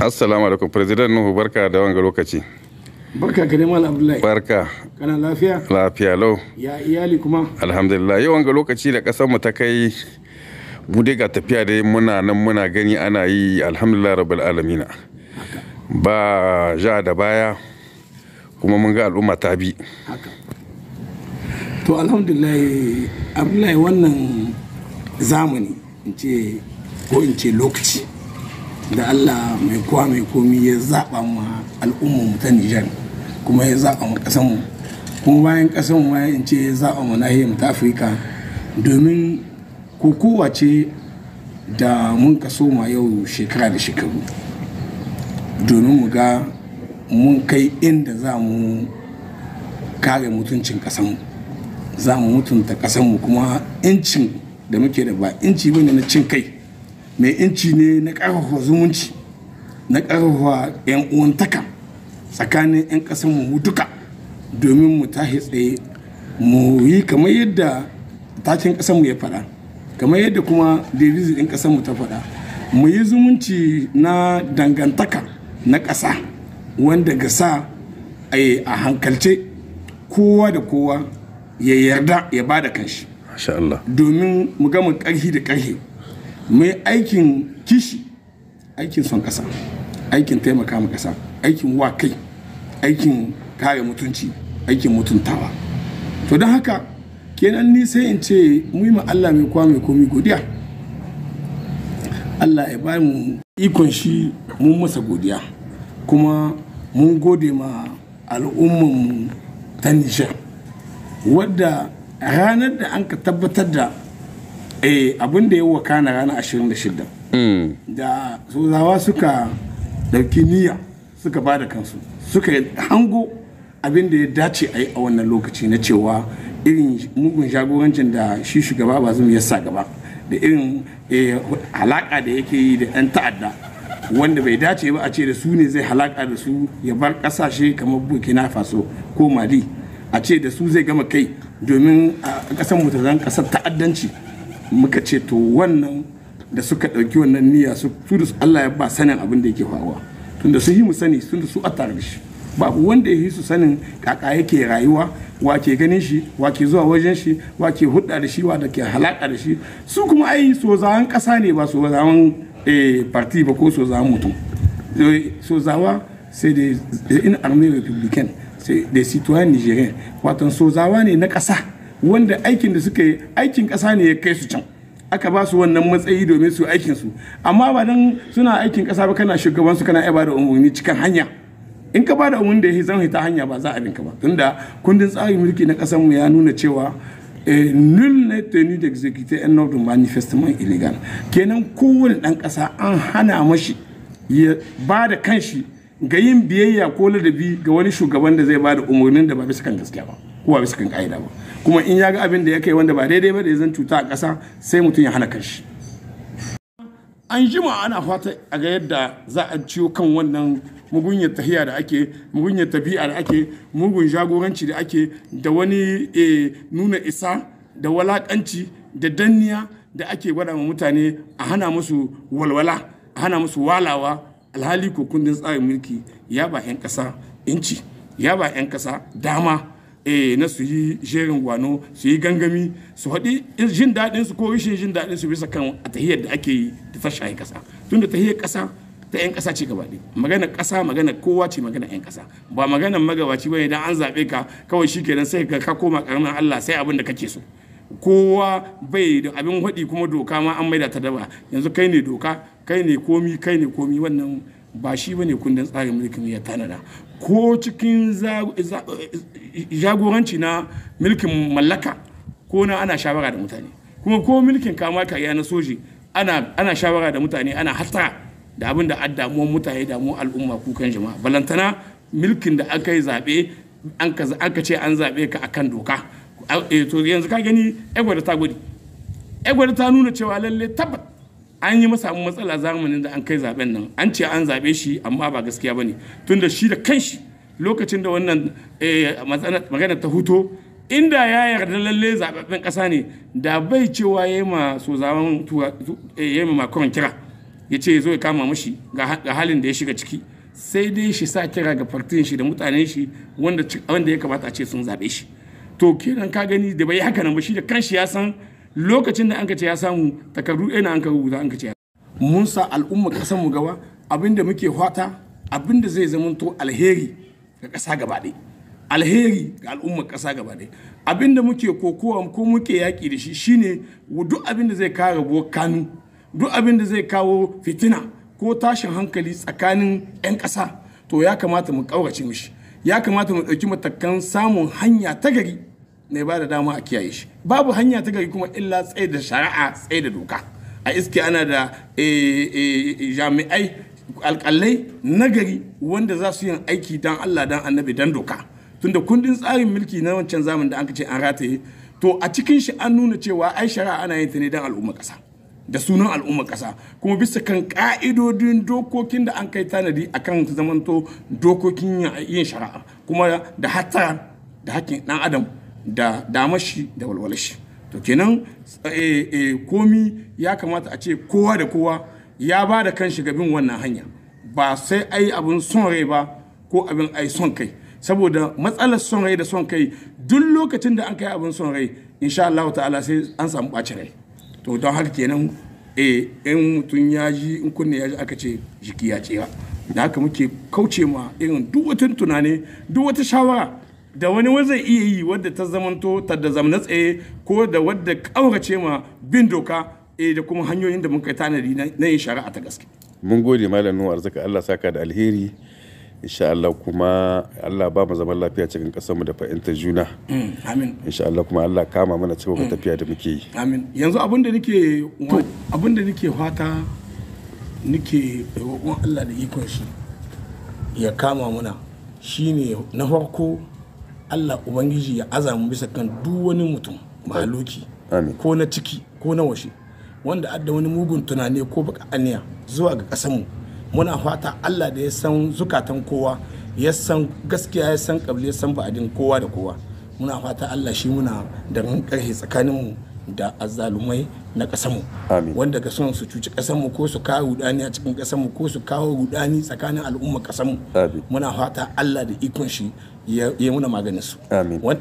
assalamu alaikum president nuhu barka da wanga lokaci barka ka neman abdullahi barka kana lafiya lafiya lau ya iyali kuma alhamdulillah yau wanga lokaci da kasar mu ta kai mu dai ga tafiya dai muna nan muna gani ana yi alhamdulillah rabbil alamina ba ja da baya kuma mun ga al'umma ta bi to alhamdulillah abdullahi wannan zamani in ce ko in ce lokaci da Allah mai kowa mai komi ya zaɓa ma al'ummar ta Nijar kuma ya zaɓa mu ƙasar mu kuma bayan ƙasar mu in ce ya zaɓa ma nahiyar ta Afirka domin kokowa ce da mun kaso ma yau shekara da shekaru domin mu ga mun kai inda za mu kare mutuncin ƙasanmu za mu mutunta ƙasanmu kuma incin da muke da ba inci bane na cin kai mai inci ne na karfafa zumunci na karfafa 'yan uwantaka tsakanin 'yan ƙasar mu duka domin mu tashi tsaye mu yi kamar yadda tashin ƙasar mu ya faɗa kamar yadda kuma devizin ɗin ƙasar mu ta faɗa mu yi zumunci na dangantaka na ƙasa wanda ga sa a hankalce kowa da kowa ya yarda ya ba da kanshi domin mu gama ƙarfi da ƙarfi mai aikin kishi aikin son ƙasa aikin taimaka ma ƙasa aikin wa kai aikin kare mutunci aikin mutuntawa to don haka kenan ni sai in ce mu ma Allah mai kwa mai komi godiya Allah ya ba mu ikon shi mun masa godiya kuma mun gode ma mu ta Nijar wadda ranar da an ka tabbatar da eh abin da ya wakana ranar 26 da hmm. sozawa suka dauki niyya suka ba da kansu suka hango abin da ya dace a yi a wannan lokaci na cewa irin mugun jagorancin da shi shugaba ba zai ya gaba da irin eh, halaka da yake yi da 'yan ta'adda wanda bai dace ba a ce da su ne zai halaka da su ya bar kasashe kamar burkina faso ko mali a ce da su zai gama kai domin a kasan mutazan ƙasar ta'addanci muka ce to wannan da suka ɗauki wannan niyya su da Allah ya ba sanin abin da yake faruwa tunda su yi mu sani tunda su a tare shi babu wanda ya yi su sanin kaka yake rayuwa wa ke ganin shi wa ke zuwa wajen shi wa ke hudda da shi wa da ke halaka da shi su kuma ai sozawan kasa ne ba sozawan eh, parti ba ko sozawan mutum eh, sozawa sai da in army republican sai da citoyen nigerian watan sozawa ne na kasa wanda aikin da suka yi aikin ƙasa ne ya kai su can aka ba su wannan matsayi domin su aikin su amma ba dan suna aikin ƙasa ba kana shugaban su kana ba da umarni cikin hanya in ka ba da umarni da ya zan hita hanya ba za a binka ba tunda kundin tsarin mulki na ƙasar mu ya nuna cewa eh, nul ne tenu d'exécuter yan ordre manifestement illegal kenan kowane dan ƙasa an hana mashi ya ba da kanshi ga yin biyayya ko ladabi ga wani shugaban da zai ba da umarnin da ba bisa kan gaskiya ba kowa bisa kan ka'ida ba kuma in ya ga abin da ya kai wanda ba daidai ba da zan cuta a ƙasa sai mutum ya hana kanshi an jima ana fata a ga yadda za a ciwo kan wannan mugunyar tahiya da ake mugunyar tabi'a da ake mugun jagoranci da ake da wani eh, nuna isa da walakanci da danniya da ake gwada ma mutane a hana musu walwala a hana musu walawa alhali ko kundin tsarin mulki ya ba 'yan ƙasa inci ya ba 'yan ƙasa dama Eh, na su yi jerin gwano su yi gangami su haɗi jin daɗin su ko rashin jin daɗin su bisa kan a tahiyar da ake yi da ta shayin kasa tun da tahiyar kasa ta 'yan ƙasa ce gaba ɗaya magana ƙasa magana kowa ce magana 'yan kasa ba maganar magabaci bane idan an zaɓe ka kawai shi kenan sai ka koma ƙaramin Allah sai abin da kake so kowa bai da abin haɗi kuma doka ma an maida ta daba yanzu kai ne doka kai ne komi kai ne komi wannan ba shi bane kundin tsarin mulkin ya tanada ko cikin jagoranci na milkin mallaka ko na ana shawara da mutane kuma ko milkin kama kariya na soji ana shawara da mutane ana hatta da abin da an damuwan mutane damuwan al'umma kukan jama'a balantana milkin da aka yi zaɓe ka ce an zaɓe ka akan doka eh, to yanzu ka gani egwada ta gudi egwada ta nuna cewa lalle tabbat an yi masa matsala zamanin da an kai zaben nan an ce an zabe shi amma ba gaskiya bane tunda shi da kanshi lokacin da wannan eh, magana ta huto inda ya yarda lalle zababben kasa ne da bai cewa ya yi ma so zaman eh, ya yi kira ya ce zo ya kama mashi ga halin da ya shiga ciki sai dai shi sa kira ga fartin shi da mutanen shi wanda ya kamata a ce sun zabe shi to kenan ka gani da bai haka nan ba shi da kanshi ya san lokacin da an ka ce ya samu takardu ɗaya na an ka rubuta an ce ya mun sa al'umma ƙasar mu gaba abin da muke fata da zai zama to alheri ga ƙasa gaba ɗaya alheri ga al'ummar ƙasa gaba ɗaya da muke kokowa ko muke yaƙi da shi shine duk abin da zai kawo rabuwar kanu duk abin da zai kawo fitina ko tashin hankali tsakanin 'yan ƙasa to ya kamata mu ƙaurace mishi ya kamata mu ɗauki matakan samun hanya ta gari ne ba da dama a kiyaye shi babu hanya ta gari kuma illa tsaye da shari'a tsaye da doka a iske ana da eh, eh, jami'ai alƙalai nagari wanda za su yi aiki don allah don annabi don doka tunda kundin tsarin mulki na wancan zamanin da an ce an rataye to a cikin shi an nuna cewa ai shari'a ana yin ta ne don al'ummar kasa da sunan al'ummar kasa kuma bisa kan ka'idodin dokokin da an kai tanadi a kan zamanto dokokin yin shari'a kuma da hatta da hakkin ɗan adam da damar shi da walwalar shi to kenan eh, eh, komi ya kamata a ce kowa da kowa ya ba da kan shiga bin wannan hanya ba sai ai abin son rai ba ko abin ai son kai saboda matsalar son rai da son kai duk lokacin da an kai abin son rai insha Allah ta'ala sai an samu ɓacin rai to don haka kenan eh, in mutum ya ji in kunne ya ji aka ce jiki ya tsira da haka muke kauce ma irin duk wata tunani duk wata shawara da wani wani zai iya yi wadda ta zamanto ta da zamna tsaye ko da wadda ƙaurace ma bin doka eh, da kuma hanyoyin da muka tanadi na yin shari'a ta gaske. Mun gode Malam nuwa Arzika Allah saka da alheri. Insha Allah kuma Allah ba mu zaman lafiya cikin mu da fahimtar juna. Mm, amin. Insha Allah kuma Allah kama mana cikin mm. tafiya da muke yi. Amin. Yanzu abin da nake abin da nake fata nake roƙon Allah da ikon shi ya kama muna shine na farko Allah Ubangiji ya azamu bisa kan duk wani mutum mahaluki ko na ciki ko na washe wanda adda wani mugun tunani ko baka aniya zuwa ga mu muna fata Allah da ya san zukatan kowa ya san gaskiya ya san kabli ya san ba'adin kowa da kowa muna fata Allah shi muna da mun karhe tsakaninmu da azzalumai na kasanmu wanda ga son su cuci kasanmu ko su kawo rudani a cikin kasanmu ko su kawo rudani tsakanin al'umma kasanmu muna fata Allah da ikon shi ya muna maganin su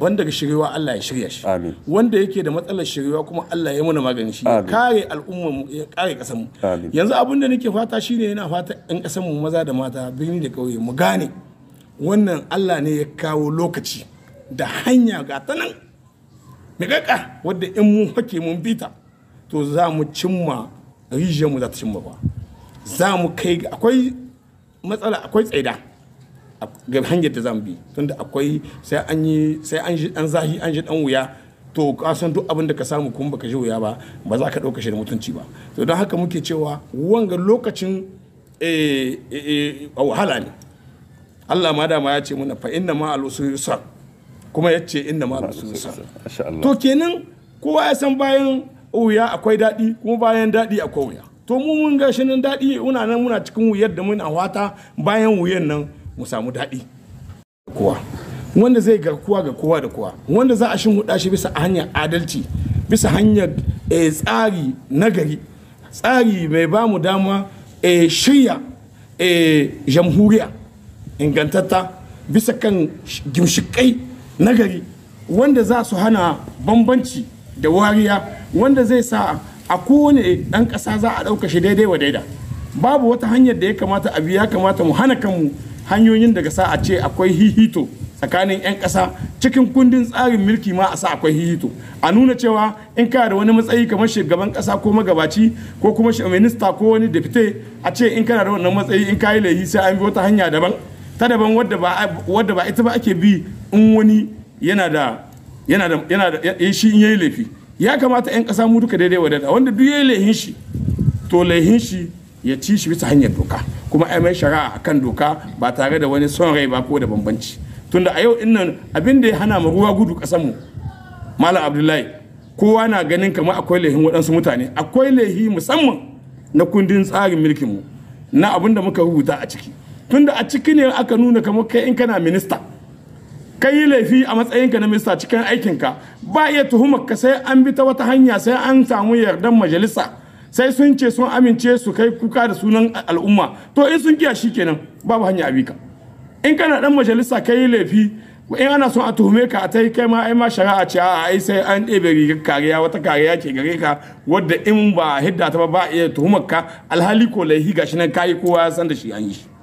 wanda ga shiryewa Allah ya shirya shi wanda yake da matsalar shiryewa kuma Allah ya muna maganin shi ya kare al'umma mu ya kare kasar mu yanzu abin da nake fata shine yana fata ɗan kasar mu maza da mata birni da ƙauye mu gane wannan Allah ne ya kawo lokaci da hanya ga ta nan miƙaƙa wadda in mun hake mun bita to za mu cimma rijiyar mu za ta cimma ba za mu kai akwai matsala akwai tsaida ga hanyar da zan bi tunda akwai sai an yi sai an ji an zahi an ji dan wuya to ka san duk abin da ka samu kuma baka ji wuya ba ba za ka dauka shi da mutunci ba to don haka muke cewa wanga lokacin eh, eh, eh, wahala ne Allah ma dama ya ce muna fa inna ma al-usri kuma ya ce inna ma al-usri allah to kenan kowa ya san bayan wuya akwai dadi kuma bayan dadi akwai wuya to mu mun ga shi nan daɗi muna nan muna cikin wuyar da muna wata bayan wuyan nan mu samu daɗi wanda zai garkuwa ga kowa da kowa wanda za a shinhuda shi bisa hanyar adalci bisa hanyar eh, tsari nagari tsari mai ba mu dama eh, shirya eh, jamhuriya ingantatta bisa kan gimshikai nagari wanda za su hana bambanci da wariya wanda zai sa a kowane ɗan ƙasa za a ɗauka shi daidai wa daida babu wata hanyar da ya kamata abu ya kamata mu hana kanmu hanyoyin daga sa a ce akwai hihito tsakanin 'yan kasa cikin kundin tsarin mulki ma a sa akwai hihito a nuna cewa in ka da wani matsayi kamar shugaban ƙasa ko magabaci ko kuma minista ko wani dafite a ce in kana da wannan matsayi in ka yi laifi sai an bi wata hanya daban ta daban wadda ba ita ba ake bi in wani yana da yana da yana shi in yayi laifi ya kamata 'yan kasa mu duka daidai wadada wanda duk yayi laihin shi to laihin shi ya ci shi bisa hanyar doka kuma ai mai shari'a akan doka ba tare da wani son rai ba ko da bambanci tunda a yau innan abin da ya hana mu ruwa gudu kasan mu malam abdullahi kowa na ganin kamar akwai laihin waɗansu mutane akwai laihi musamman na kundin tsarin mulkin mu na abin da muka rubuta a ciki tunda a ciki ne aka nuna kama kai in kana minista kai yi laifi a matsayinka na minista cikin ka ba iya tuhumar ka sai an bi ta wata hanya sai an samu yardan majalisa sai sun ce sun amince su kai kuka da sunan al'umma to in sun kiya shi kenan babu hanya abika in kana dan majalisa kai laifi in ana son a tuhume ka a tai kai ma ai ma shari'a ce a ai sai an ɗebe rigar kariya wata kariya ke gare ka wadda in ba hidda ta ba ba iya tuhumar ka alhali ko laihi gashi nan kayi kowa ya san da shi an yi